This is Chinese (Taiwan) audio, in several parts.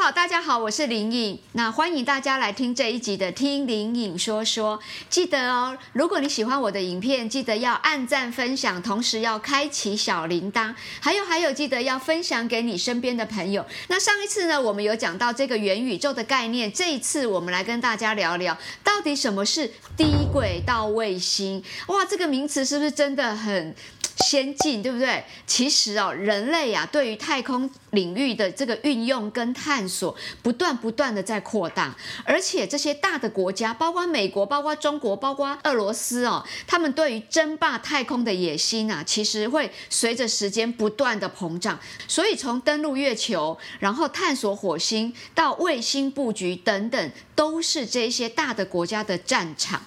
好，大家好，我是林穎，那歡迎大家來聽這一集的《聽林穎說說》。記得哦，如果你喜歡我的影片，記得要按讚、分享，同時要開啟小鈴鐺，還有還有，記得要分享給你身邊的朋友。那上一次呢，我們有講到這個元宇宙的概念，這一次我們來跟大家聊聊，到底什麼是低軌道衛星？哇，這個名詞是不是真的很……先進，對不對？其實哦，人類呀，對於太空領域的這個運用跟探索，不斷不斷的在擴大，而且這些大的國家，包括美國、包括中國、包括俄羅斯哦，他們對於爭霸太空的野心啊，其實會隨着時間不斷的膨脹。所以從登陸月球，然後探索火星，到衛星布局等等，都是這些大的國家的戰場。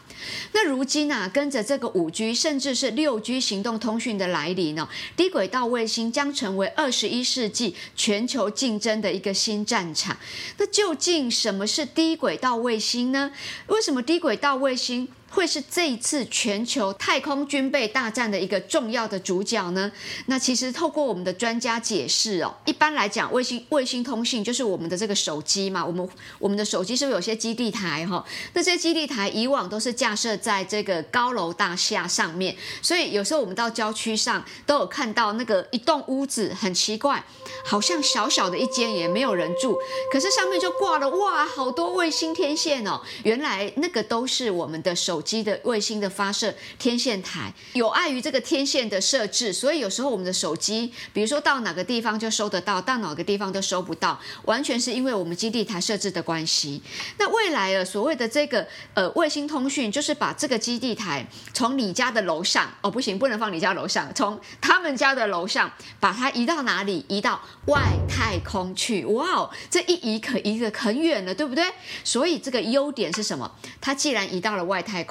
那如今呢、啊，跟着這個五 G 甚至是六 G 行動通訊的來臨呢，低軌道衛星將成為二十一世紀全球競爭的一個新戰場。那究竟什麼是低軌道衛星呢？為什麼低軌道衛星？會是這一次全球太空軍備大戰的一個重要的主角呢？那其實透過我們的專家解釋哦，一般來講，衛星衛星通信就是我們的這個手機嘛，我們我們的手機是不是有些基地台哈、哦？那這些基地台以往都是架設在這個高樓大廈上面，所以有時候我們到郊區上都有看到那個一棟屋子很奇怪，好像小小的一間也沒有人住，可是上面就掛了哇，好多衛星天線哦。原來那個都是我們的手。機的衛星的發射天線台，有礙於這個天線的設置，所以有時候我們的手機，比如說到哪個地方就收得到，到哪個地方都收不到，完全是因為我們基地台設置的關係。那未來的所謂的這個呃衛星通訊，就是把這個基地台從你家的樓上哦，不行，不能放你家樓上，從他們家的樓上把它移到哪裡？移到外太空去。哇哦，這一移可移得很遠了，對不對？所以這個優點是什麼？它既然移到了外太空。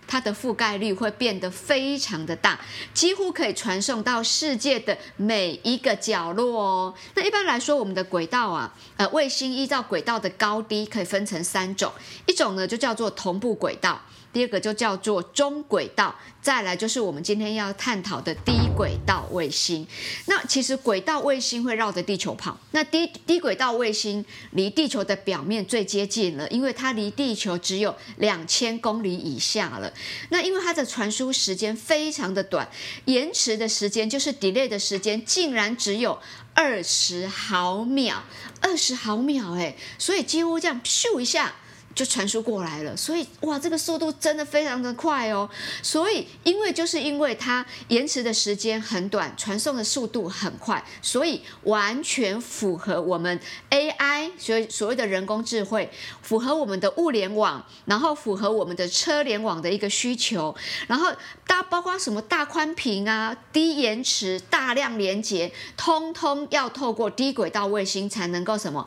它的覆蓋率會變得非常的大，幾乎可以傳送到世界的每一個角落哦。那一般來說，我們的軌道啊，呃，衛星依照軌道的高低可以分成三種，一種呢就叫做同步軌道，第二個就叫做中軌道，再來就是我們今天要探討的低軌道衛星。那其實軌道衛星會繞着地球跑，那低低軌道衛星離地球的表面最接近了，因為它離地球只有兩千公里以下了。那因為它的傳輸時間非常的短，延遲的時間就是 delay 的時間，竟然只有二十毫秒，二十毫秒，欸，誒，所以幾乎這樣咻一下。就傳輸過來了，所以哇，這個速度真的非常的快哦。所以，因為就是因為它延遲的時間很短，傳送的速度很快，所以完全符合我們 AI，所以所謂的人工智慧，符合我們的物聯網，然後符合我們的車聯網的一個需求。然後大包括什麼大寬屏啊、低延遲、大量連接，通通要透過低軌道衛星才能夠什麼。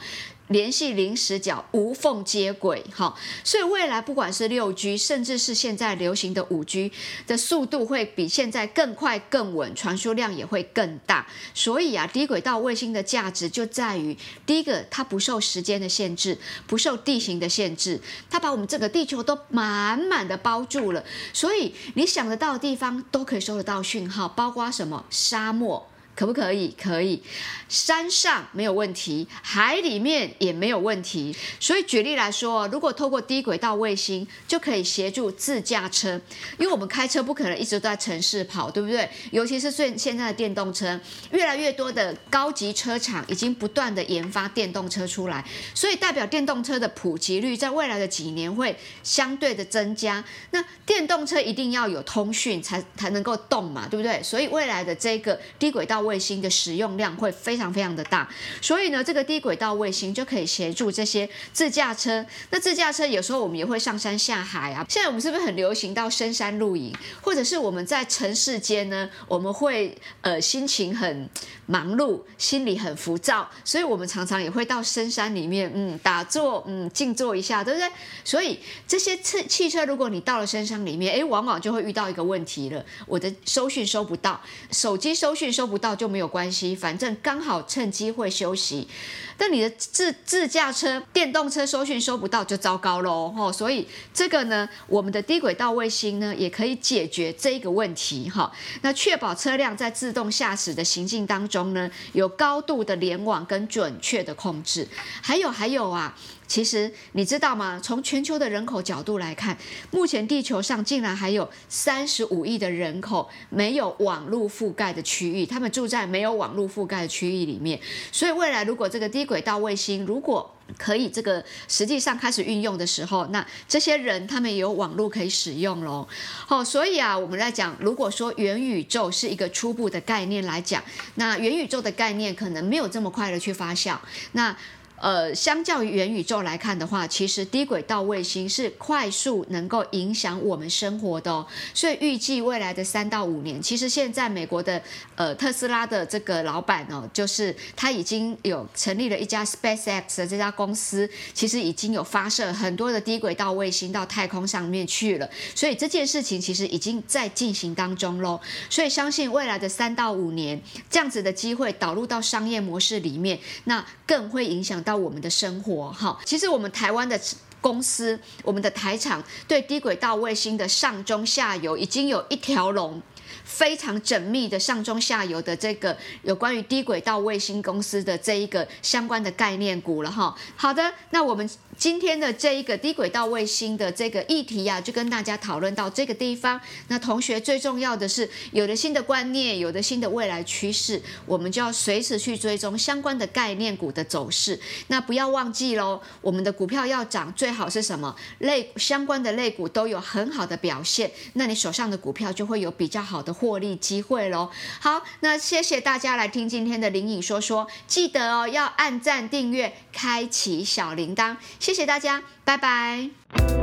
聯繫零死角，無縫接軌，哈，所以未來不管是六 G，甚至是現在流行的五 G 的速度會比現在更快更穩、更穩，傳輸量也會更大。所以啊，低軌道衛星的價值就在於，第一個，它不受時間的限制，不受地形的限制，它把我們整個地球都滿滿的包住了，所以你想得到的地方都可以收得到訊號，包括什麼沙漠。可不可以？可以，山上沒有問題，海裡面也沒有問題。所以舉例來說，如果透過低軌道衛星，就可以協助自駕車，因為我們開車不可能一直都在城市跑，對不對？尤其是最現在的電動車，越來越多的高級車廠已經不斷的研發電動車出來，所以代表電動車的普及率在未來的幾年會相對的增加。那電動車一定要有通訊才才能夠動嘛，對不對？所以未來的這個低軌道。衛星的使用量會非常非常的大，所以呢，這個低軌道衛星就可以協助這些自駕車。那自駕車有時候我們也會上山下海啊。現在我們是不是很流行到深山露營，或者是我們在城市間呢？我們會呃心情很忙碌，心裡很浮躁，所以我們常常也會到深山裡面，嗯，打坐，嗯，靜坐一下，對不對？所以這些車汽車，如果你到了深山裡面，誒往往就會遇到一個問題了，我的收訊收不到，手機收訊收不到。就沒有關係，反正剛好趁機會休息。但你的自自駕車、電動車收訊收不到就糟糕嘍，吼！所以這個呢，我們的低軌道衛星呢，也可以解決這一個問題，哈。那確保車輛在自動駕駛的行進當中呢，有高度的聯網跟準確的控制。還有還有啊。其實你知道嗎？從全球的人口角度來看，目前地球上竟然還有三十五億的人口沒有網絡覆蓋的區域，他們住在沒有網絡覆蓋的區域裡面。所以未來如果這個低軌道衛星如果可以這個實際上開始運用的時候，那這些人他們也有網絡可以使用嘍。好、哦，所以啊，我們來講，如果說元宇宙是一個初步的概念來講，那元宇宙的概念可能沒有這麼快的去發酵。那呃，相較於元宇宙來看的話，其實低軌道衛星是快速能夠影響我們生活的哦，所以預計未來的三到五年，其實現在美國的呃特斯拉的這個老板哦，就是他已經有成立了一家 SpaceX 的這家公司，其實已經有發射很多的低軌道衛星到太空上面去了，所以這件事情其實已經在進行當中嘍，所以相信未來的三到五年這樣子的機會導入到商業模式裡面，那更會影響到。我們的生活，哈，其實我們台灣的公司，我們的台廠對低軌道衛星的上中下游已經有一條龍，非常縝密的上中下游的這個有關於低軌道衛星公司的這一個相關的概念股了哈。好的，那我們今天的這一個低軌道衛星的這個議題啊，就跟大家討論到這個地方。那同學最重要的是，有的新的觀念，有的新的未來趨勢，我們就要隨時去追蹤相關的概念股的走勢。那不要忘記嘍，我們的股票要漲，最好是什麼類相關的類股都有很好的表現，那你手上的股票就會有比較好的。的獲利機會咯。好，那謝謝大家來聽今天的林穎說說，記得哦，要按讚、訂閱、開啟小鈴鐺。謝謝大家，拜拜。